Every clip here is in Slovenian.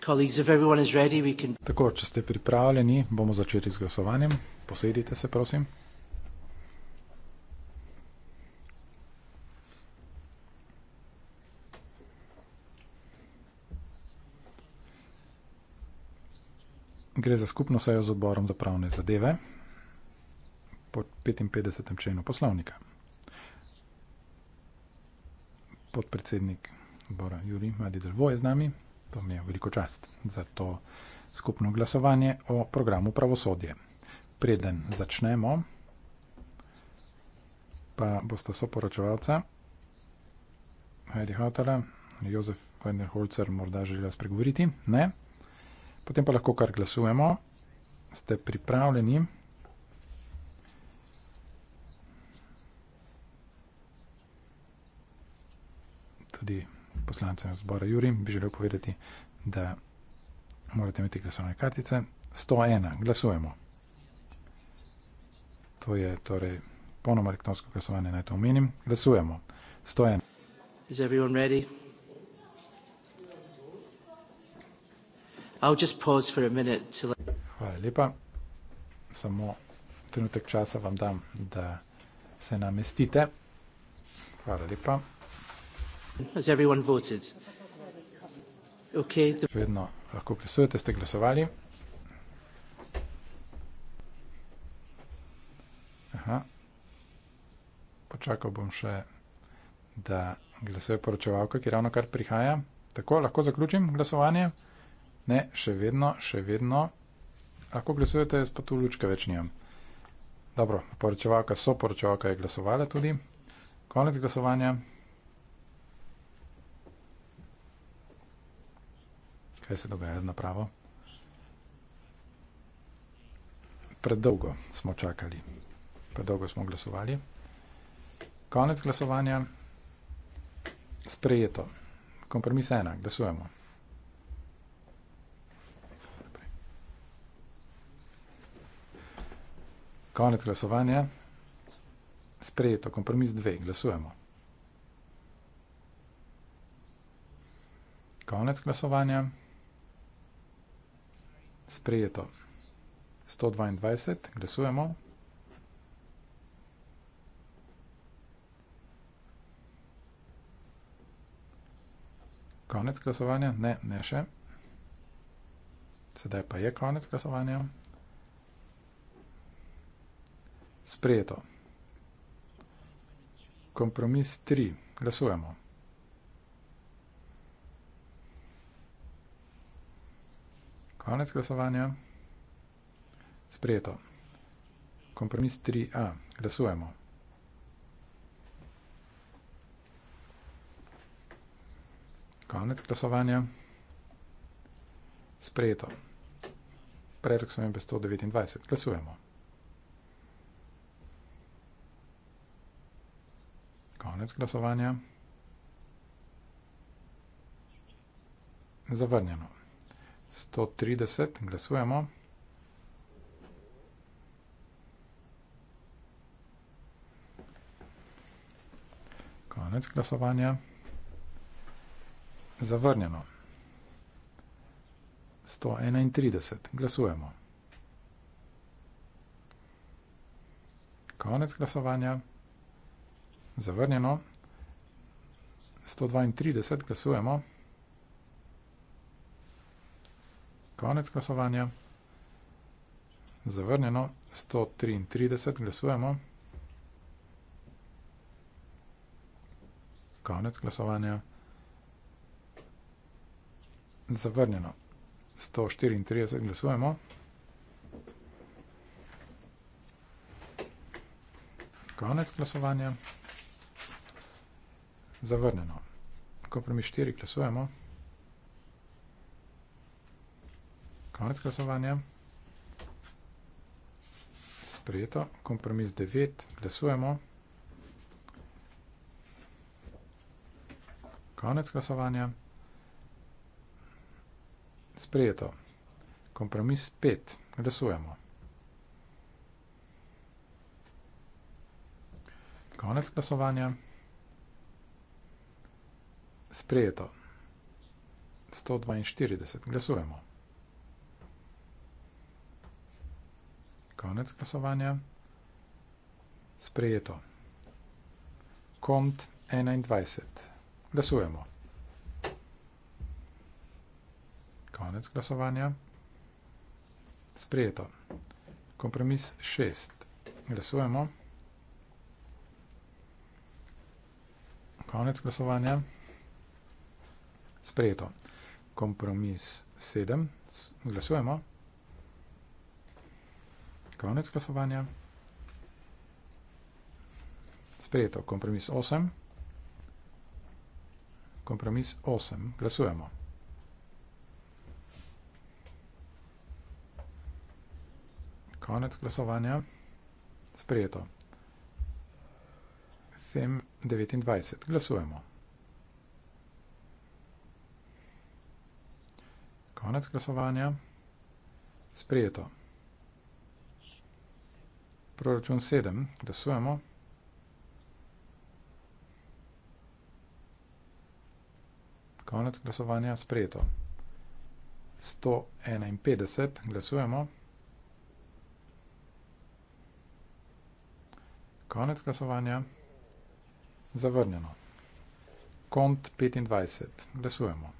Tako, če ste pripravljeni, bomo začeli z glasovanjem. Posedite se, prosim. Gre za skupno sejo z odborom za pravne zadeve pod 55. členu poslovnika. Podpredsednik odbora Juri Madidelvo je z nami. To mi je veliko čast za to skupno glasovanje o programu Pravosodje. Preden začnemo, pa boste soporočevalca Heidi Hautala, Jozef Weinerholzer morda želela spregovoriti, ne? Potem pa lahko kar glasujemo. Ste pripravljeni? Tudi poslancem zbora Jurim bi želel povedati, da morate imeti glasovne kartice. 101, glasujemo. To je torej ponoma elektronsko glasovanje, naj to omenim. Glasujemo. 101. Is everyone ready? I'll just pause for a minute to let... Hvala lepa. Samo trenutek časa vam dam, da se namestite. Hvala lepa. Okay, the... Vedno lahko glasujete, ste glasovali. Aha. Počakal bom še, da glasuje poročevalka, ki ravno kar prihaja. Tako, lahko zaključim glasovanje. Ne, še vedno, še vedno. Lahko glasujete, jaz pa tu lučke več nimam. Dobro, poročevalka, soporočevalka je glasovala tudi. Konec glasovanja. Kaj se dogaja z napravo? Predolgo smo čakali, predolgo smo glasovali. Konec glasovanja, sprejeto. Kompromis ena, glasujemo. Konec glasovanja, sprejeto. Kompromis dve, glasujemo. Konec glasovanja. Sprejeto. 122, glasujemo. Konec glasovanja? Ne, ne še. Sedaj pa je konec glasovanja. Sprejeto. Kompromis 3. Glasujemo. Konec glasovanja. Sprejeto. Kompromis 3a. Glasujemo. Konec glasovanja. Sprejeto. Predlog so imbe 129. Glasujemo. Konec glasovanja. Zavrnjeno. 130, glasujemo. Konec glasovanja. Zavrnjeno. 131, glasujemo. Konec glasovanja. Zavrnjeno. 132, glasujemo. Konec glasovanja. Zavrnjeno 133, glasujemo. Konec glasovanja. Zavrnjeno 134, glasujemo. Konec glasovanja. Zavrnjeno. Ko premi štiri, glasujemo. Konec glasovanja. Sprejeto. Kompromis 9. Glasujemo. Konec glasovanja. Sprejeto. Kompromis 5. Glasujemo. Konec glasovanja. Sprejeto. 142. Glasujemo. konec glasovanja. Sprejeto. Komt 21. Glasujemo. Konec glasovanja. Sprejeto. Kompromis 6. Glasujemo. Konec glasovanja. Sprejeto. Kompromis 7. Glasujemo. Glasujemo. Konec glasovanja. Sprejeto. Kompromis 8. Kompromis 8. Glasujemo. Konec glasovanja. Sprejeto. FEM 29. Glasujemo. Konec glasovanja. Sprejeto. Proračun 7. Glasujemo. Konec glasovanja sprejeto. 151. Glasujemo. Konec glasovanja. Zavrnjeno. Kont 25. Glasujemo.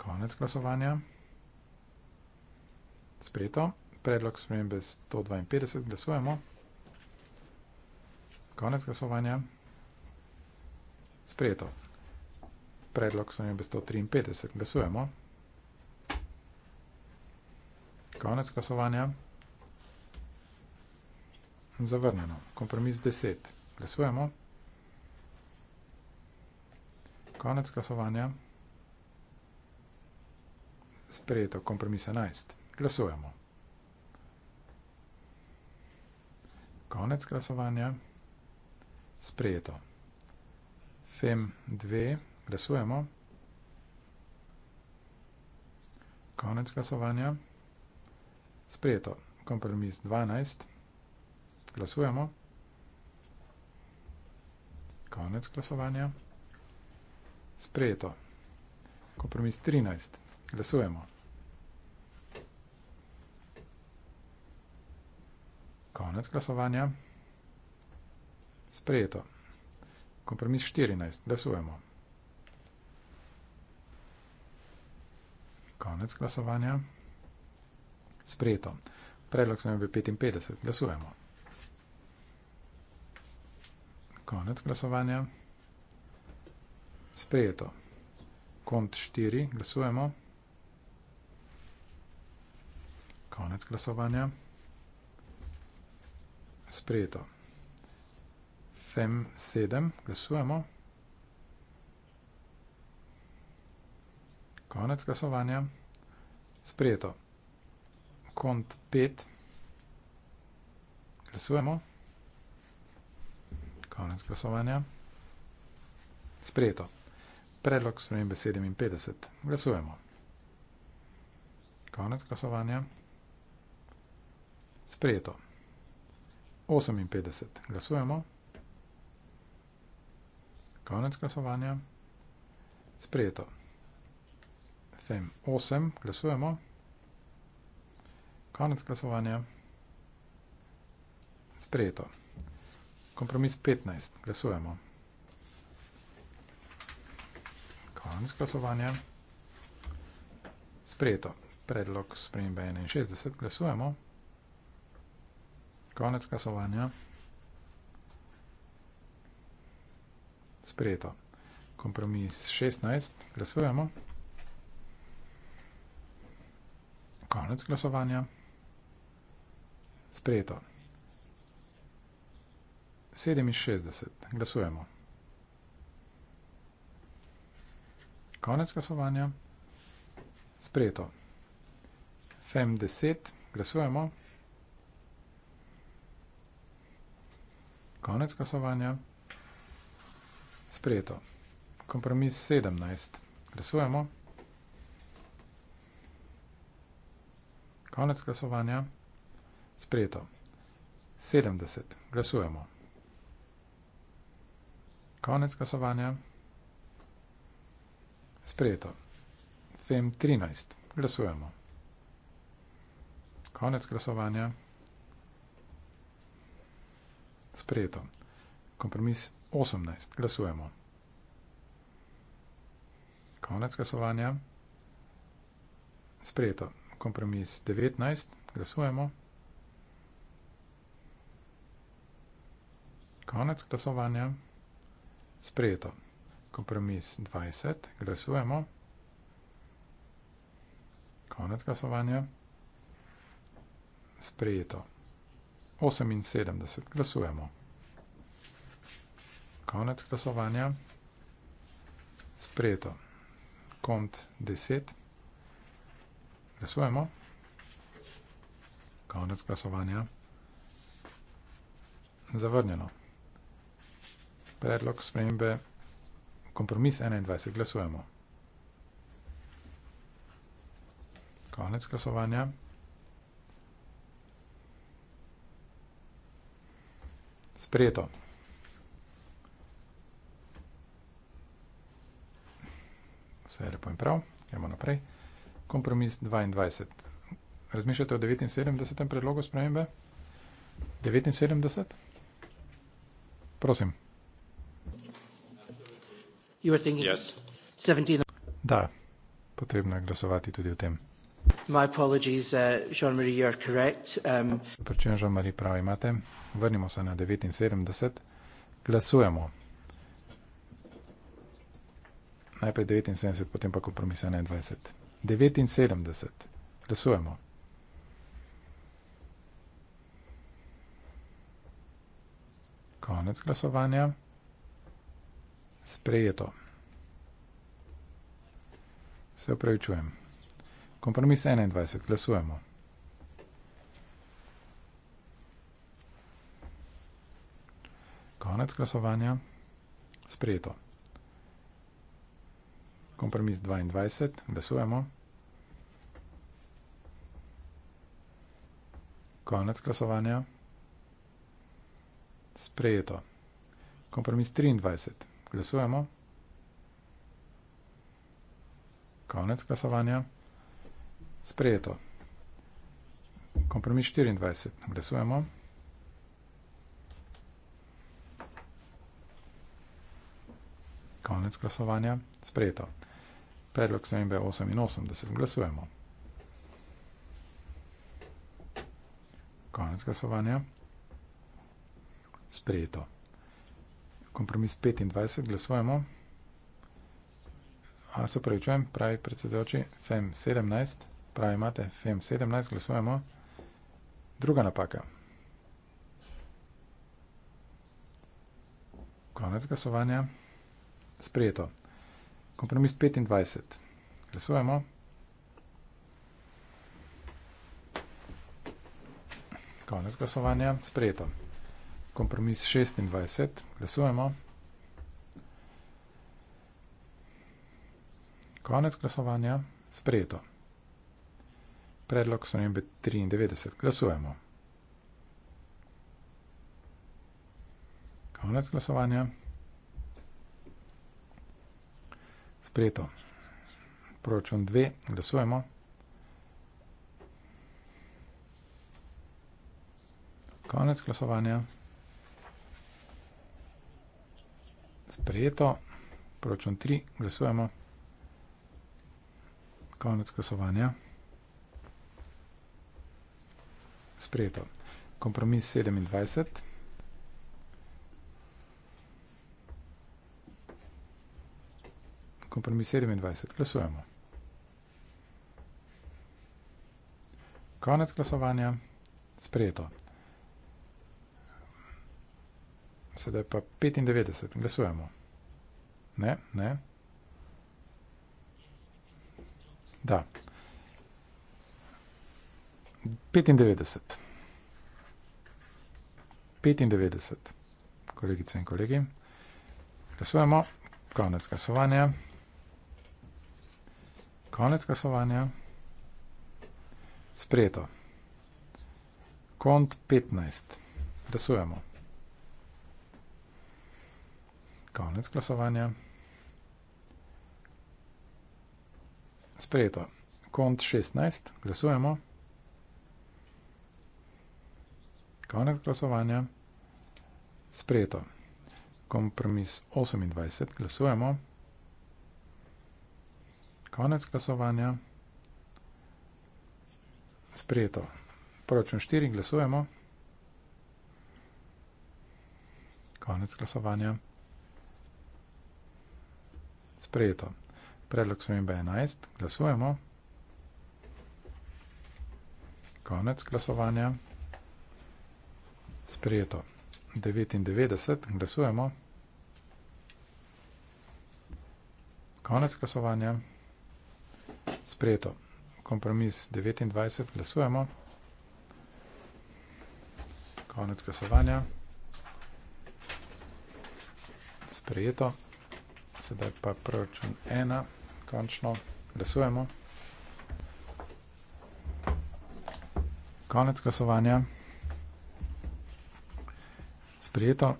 Konec glasovanja. Sprejeto predlog spremembe 152, glasujemo. Konec glasovanja. Sprejeto. Predlog spremembe 153, glasujemo. Konec glasovanja. Zavrnjeno. Kompromis 10. Glasujemo. Konec glasovanja. Sprejeto. Kompromis 11. Glasujemo. konec glasovanja. Sprejeto. FEM 2, glasujemo. Konec glasovanja. Sprejeto. Kompromis 12, glasujemo. Konec glasovanja. Sprejeto. Kompromis 13, glasujemo. Konec glasovanja. Sprejeto. Kompromis 14. Glasujemo. Konec glasovanja. Sprejeto. Predlog smo imeli 55. Glasujemo. Konec glasovanja. Sprejeto. Kont 4. Glasujemo. Konec glasovanja sprejeto. FEM 7, glasujemo. Konec glasovanja. Sprejeto. KONT 5, glasujemo. Konec glasovanja. Sprejeto. Predlog spremembe 57, glasujemo. Konec glasovanja. Sprejeto. 58 glasujemo. Konec glasovanja. Sprejeto. FEM 8 glasujemo. Konec glasovanja. Sprejeto. Kompromis 15 glasujemo. Konec glasovanja. Sprejeto. Predlog spremembe 61 glasujemo. Konec glasovanja. Sprejeto. Kompromis 16. Glasujemo. Konec glasovanja. Sprejeto. 67. Glasujemo. Konec glasovanja. Sprejeto. FEM 10. Glasujemo. Konec glasovanja. Sprejeto. Kompromis 17. Glasujemo. Konec glasovanja. Sprejeto. 70. Glasujemo. Konec glasovanja. Sprejeto. FEM 13. Glasujemo. Konec glasovanja. Sprejeto. Kompromis 18. Glasujemo. Konec glasovanja. Sprejeto. Kompromis 19. Glasujemo. Konec glasovanja. Sprejeto. Kompromis 20. Glasujemo. Konec glasovanja. Sprejeto. 78. Glasujemo. Konec glasovanja. Sprejeto. Kont 10. Glasujemo. Konec glasovanja. Zavrnjeno. Predlog spremembe. Kompromis 21. Glasujemo. Konec glasovanja. Glasujemo. sprejeto. Vse je lepo in prav, gremo naprej. Kompromis 22. Razmišljate o 79. predlogu spremembe? 79? Prosim. Yes. Da, potrebno je glasovati tudi o tem. My apologies, uh, Jean-Marie, you are correct. Um, Prečujem, Jean-Marie, prav imate. Vrnimo se na 79. Glasujemo. Najprej 79, potem pa kompromis 21. 79. Glasujemo. Konec glasovanja. Sprejeto. Se upravičujem. Kompromis 21. Glasujemo. Konec glasovanja. Sprejeto. Kompromis 22. Glasujemo. Konec glasovanja. Sprejeto. Kompromis 23. Glasujemo. Konec glasovanja. Sprejeto. Kompromis 24. Glasujemo. Konec glasovanja. Sprejeto. Predlog svembe 88. Glasujemo. Konec glasovanja. Sprejeto. Kompromis 25. Glasujemo. A se pravičujem, pravi predsedoči FEM e 17. Sprejeto pravi, imate FM17, glasujemo. Druga napaka. Konec glasovanja. Sprejeto. Kompromis 25. Glasujemo. Konec glasovanja. Sprejeto. Kompromis 26. Glasujemo. Konec glasovanja. Sprejeto. Predlog so nebe 93. Glasujemo. Konec glasovanja. Sprejeto. Proračun 2. Glasujemo. Konec glasovanja. Sprejeto. Proračun 3. Glasujemo. Konec glasovanja. sprejeto. Kompromis 27. Kompromis 27. Glasujemo. Konec glasovanja. Sprejeto. Sedaj pa 95. Glasujemo. Ne, ne. Da. 95. 95, kolegice in kolegi. Glasujemo, konec glasovanja. Konec glasovanja. Sprejeto. Kont 15. Glasujemo. Konec glasovanja. Sprejeto. Kont 16. Glasujemo. Konec glasovanja. Sprejeto. Kompromis 28. Glasujemo. Konec glasovanja. Sprejeto. Proračun 4. Glasujemo. Konec glasovanja. Sprejeto. Predlog smembe 11. Glasujemo. Konec glasovanja sprejeto. 99, glasujemo. Konec glasovanja, sprejeto. Kompromis 29, glasujemo. Konec glasovanja, sprejeto. Sedaj pa proračun 1, končno glasujemo. Konec glasovanja sprejeto.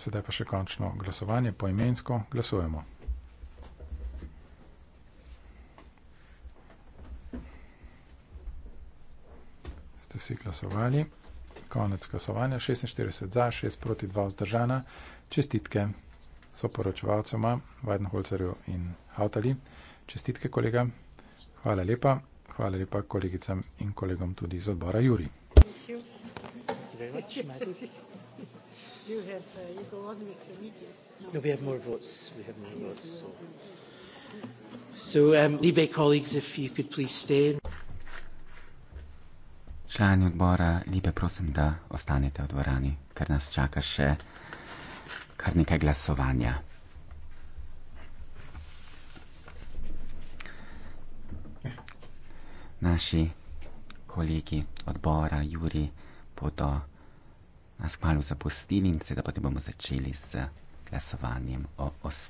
Sedaj pa še končno glasovanje poimensko. Glasujemo. Ste vsi glasovali. Konec glasovanja. 46 za, 6 proti 2 vzdržana. Čestitke soporočevalcema Weidenholzerju in Hautali. Čestitke, kolega. Hvala lepa. Hvala lepa kolegicam in kolegom tudi iz odbora Juri. Thank you. Thank you very much do have uh, you go on with your meeting. No, no we have more votes. We have more votes. So, so um, Libe colleagues, if you could please stay. Člani odbora, lepe prosim, da ostanete v dvorani, ker nas čaka še kar nekaj glasovanja. Naši kolegi odbora, Juri, bodo nas kmalo zapustili in seveda potem bomo začeli z glasovanjem o ostalih.